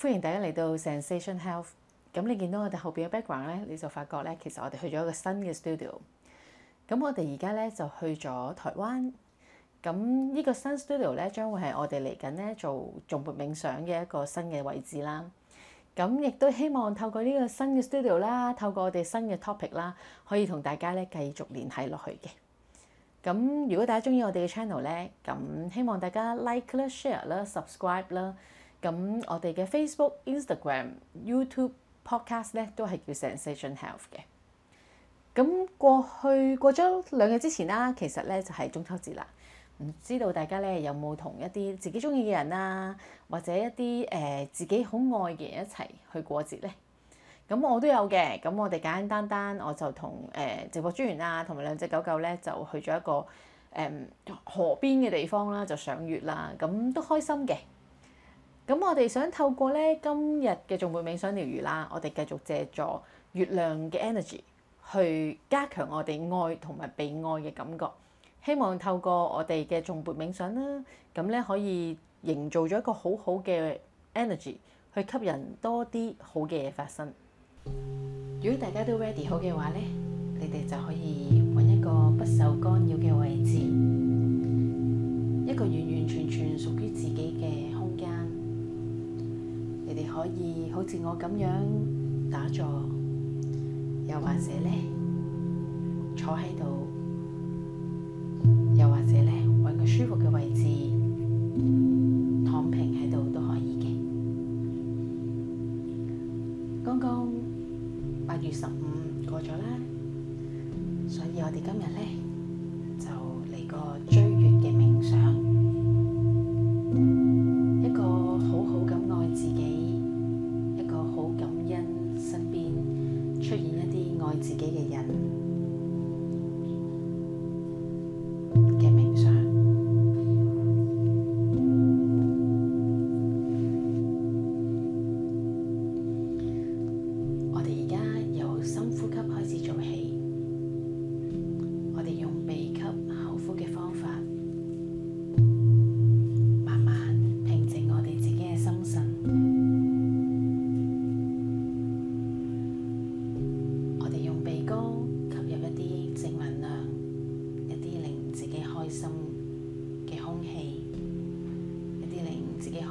歡迎大家嚟到 Zensation Health。咁你見到我哋後邊嘅 background 咧，你就發覺咧，其實我哋去咗一個新嘅 studio。咁我哋而家咧就去咗台灣。咁呢個新 studio 咧，將會係我哋嚟緊咧做頌缽冥想嘅一個新嘅位置啦。咁亦都希望透過呢個新嘅 studio 啦，透過我哋新嘅 topic 啦，可以同大家咧繼續聯繫落去嘅。咁如果大家鍾意我哋嘅 channel 咧，咁希望大家 like 啦、share 啦、subscribe 啦。咁我哋嘅 Facebook、Instagram、YouTube、Podcast 咧都係叫 Zensation Health 嘅。咁過去過咗兩日之前啦，其實咧就係中秋節啦。唔知道大家咧有冇同一啲自己中意嘅人啊，或者一啲誒自己好愛嘅人一齊去過節咧？咁我都有嘅。咁我哋簡簡單單，我就同誒直播專員啊，同埋兩隻狗狗咧就去咗一個誒河邊嘅地方啦，就賞月啦。咁都開心嘅。咁我哋想透過呢今日嘅頌缽冥想療癒啦，我哋繼續借助月亮嘅 energy 去加強我哋愛同埋被愛嘅感覺。希望透過我哋嘅頌缽冥想啦，咁呢可以營造咗一個好好嘅 energy 去吸引多啲好嘅嘢發生。如果大家都 ready 好嘅話呢，你哋就可以揾一個不受干擾嘅位置，一個完完全全屬於自己嘅。你哋可以好似我咁樣打坐，又或者咧坐喺度，又或者咧揾個舒服嘅位置躺平喺度都可以嘅。剛剛八月十五過咗啦，所以我哋今日咧就嚟個追。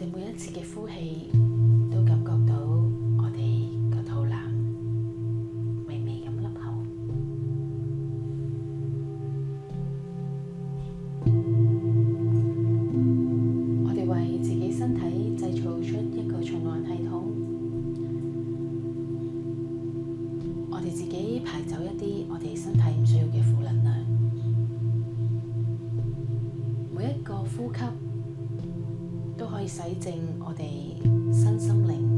我哋每一次嘅呼氣，都感覺到我哋個肚腩微微咁凹口。我哋為自己身體製造出一個循環系統，我哋自己排走一啲我哋身體唔需要嘅負能量。每一個呼吸。都可以洗淨我哋身心靈。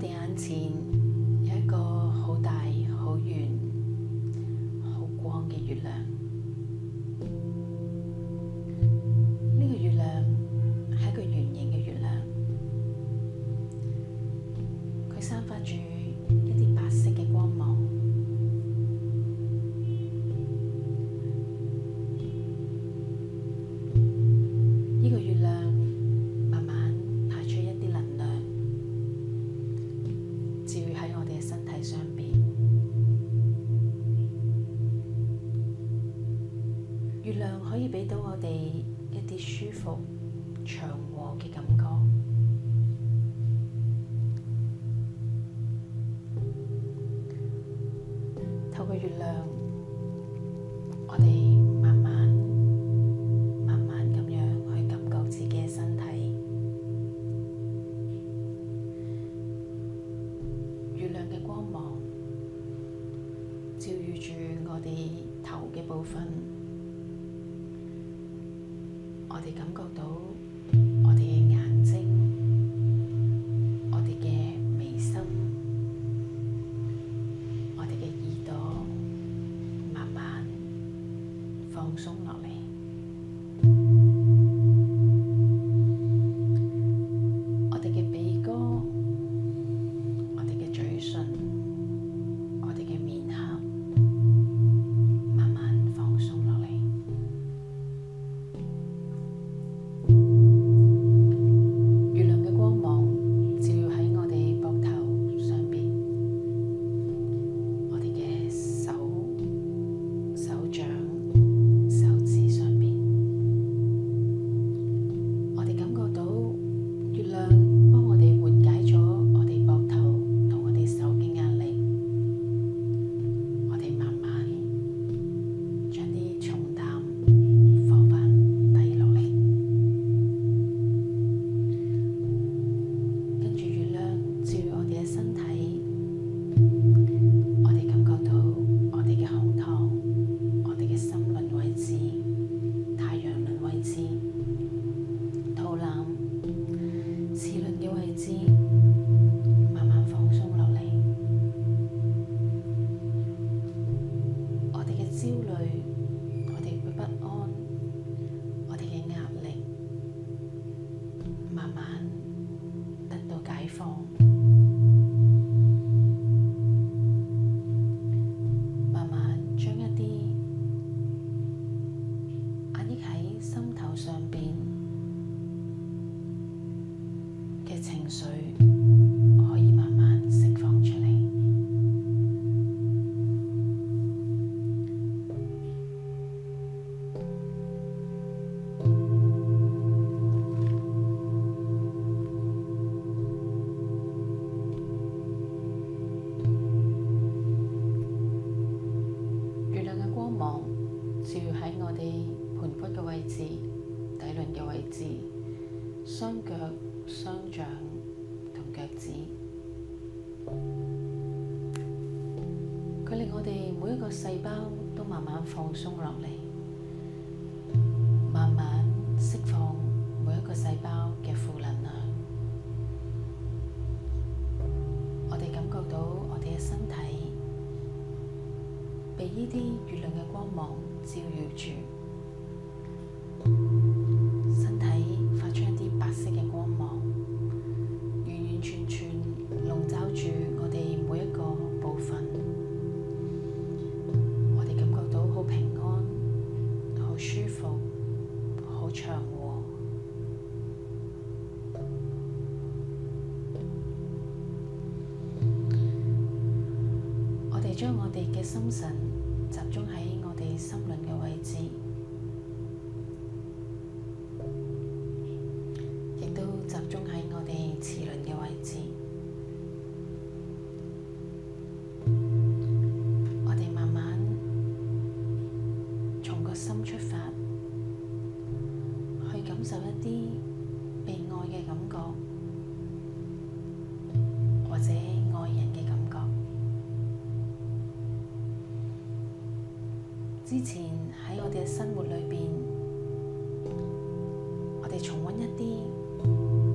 我哋眼前有一個好大、好圓、好光嘅月亮。可以畀到我哋一啲舒服、祥和嘅感覺。透過月亮，我哋慢慢、慢慢咁樣去感覺自己嘅身體。月亮嘅光芒照耀住我哋頭嘅部分。我哋感覺到。放鬆落嚟，慢慢釋放每一個細胞嘅負能量。我哋感覺到我哋嘅身體被呢啲月亮嘅光芒照耀住。將我哋嘅心神集中喺我哋心輪嘅位置。之前喺我哋嘅生活裏邊，我哋重溫一啲。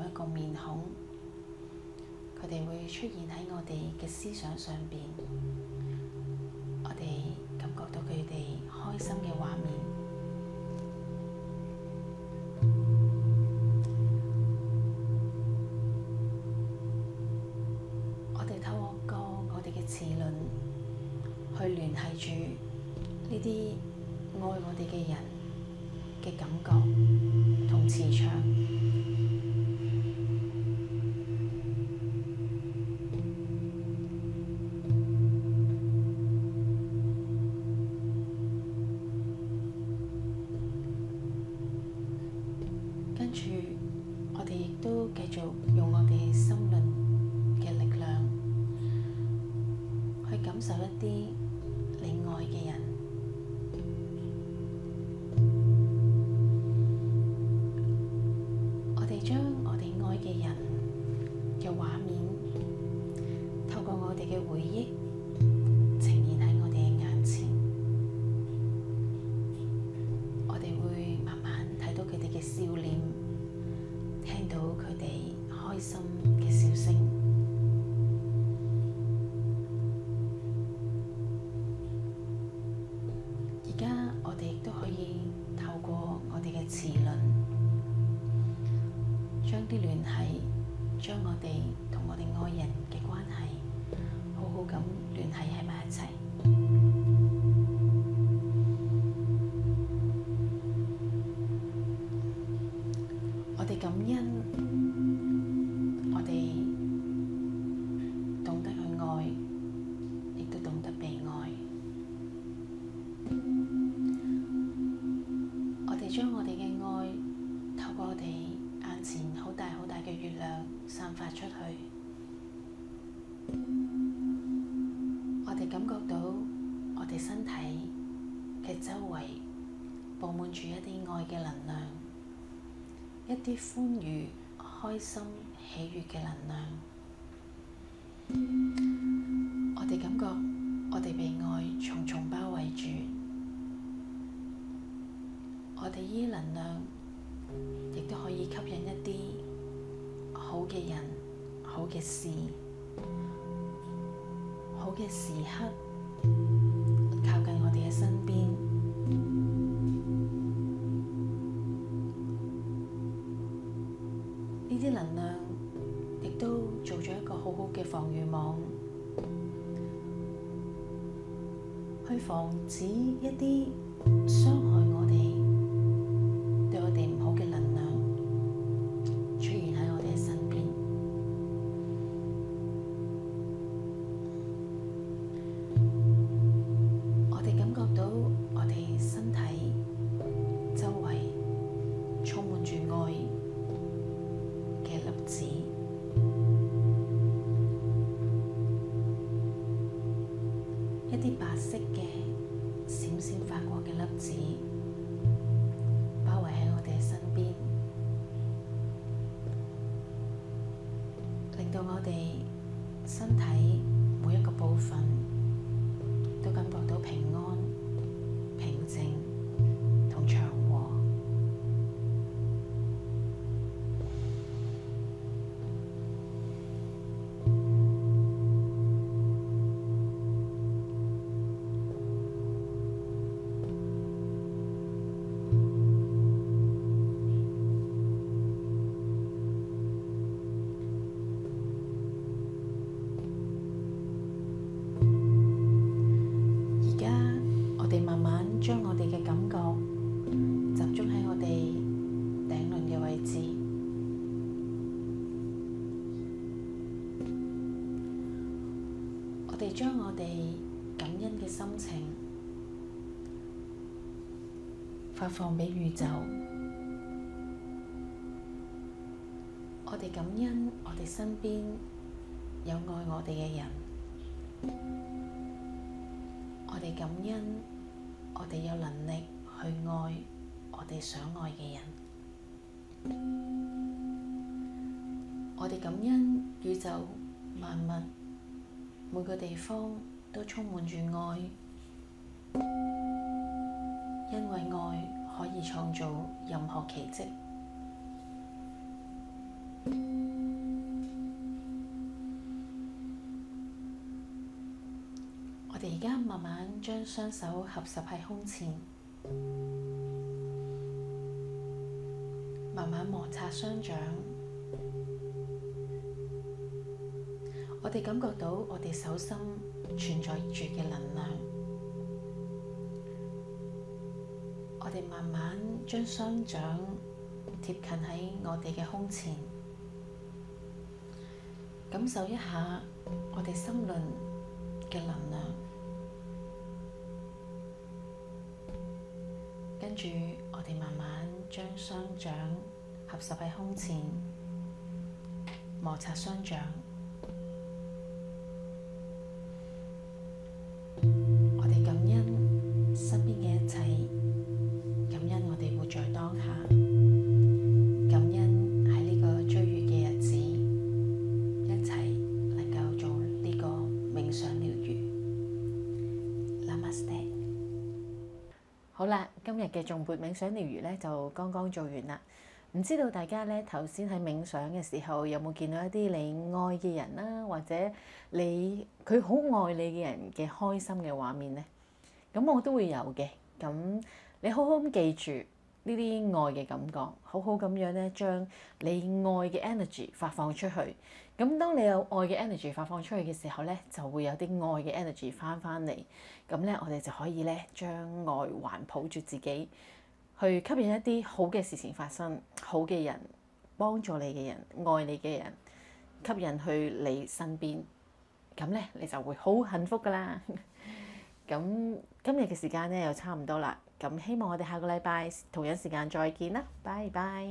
同一個面孔，佢哋會出現喺我哋嘅思想上邊。周圍佈滿住一啲愛嘅能量，一啲歡愉、開心、喜悅嘅能量。我哋感覺我哋被愛重重包圍住。我哋呢啲能量亦都可以吸引一啲好嘅人、好嘅事、好嘅時刻，靠近我哋嘅身邊。呢啲能量亦都做咗一個好好嘅防禦網，去防止一啲傷害。我哋將我哋感恩嘅心情發放俾宇宙。我哋感恩我哋身邊有愛我哋嘅人。我哋感恩我哋有能力去愛我哋想愛嘅人。我哋感恩宇宙萬物。每個地方都充滿住愛，因為愛可以創造任何奇蹟。我哋而家慢慢將雙手合十喺胸前，慢慢摩擦雙掌。我哋感覺到我哋手心存在住嘅能量，我哋慢慢將雙掌貼近喺我哋嘅胸前，感受一下我哋心輪嘅能量。跟住我哋慢慢將雙掌合十喺胸前，摩擦雙掌。今日嘅頌缽冥想療癒咧就剛剛做完啦，唔知道大家咧頭先喺冥想嘅時候有冇見到一啲你愛嘅人啦、啊，或者你佢好愛你嘅人嘅開心嘅畫面呢？咁我都會有嘅。咁你好好咁記住。呢啲愛嘅感覺，好好咁樣咧，將你愛嘅 energy 發放出去。咁當你有愛嘅 energy 發放出去嘅時候咧，就會有啲愛嘅 energy 翻翻嚟。咁咧，我哋就可以咧，將愛環抱住自己，去吸引一啲好嘅事情發生，好嘅人幫助你嘅人，愛你嘅人吸引去你身邊。咁咧，你就會好幸福噶啦。咁 今日嘅時間咧，又差唔多啦。咁希望我哋下個禮拜同樣時間再見啦，拜拜。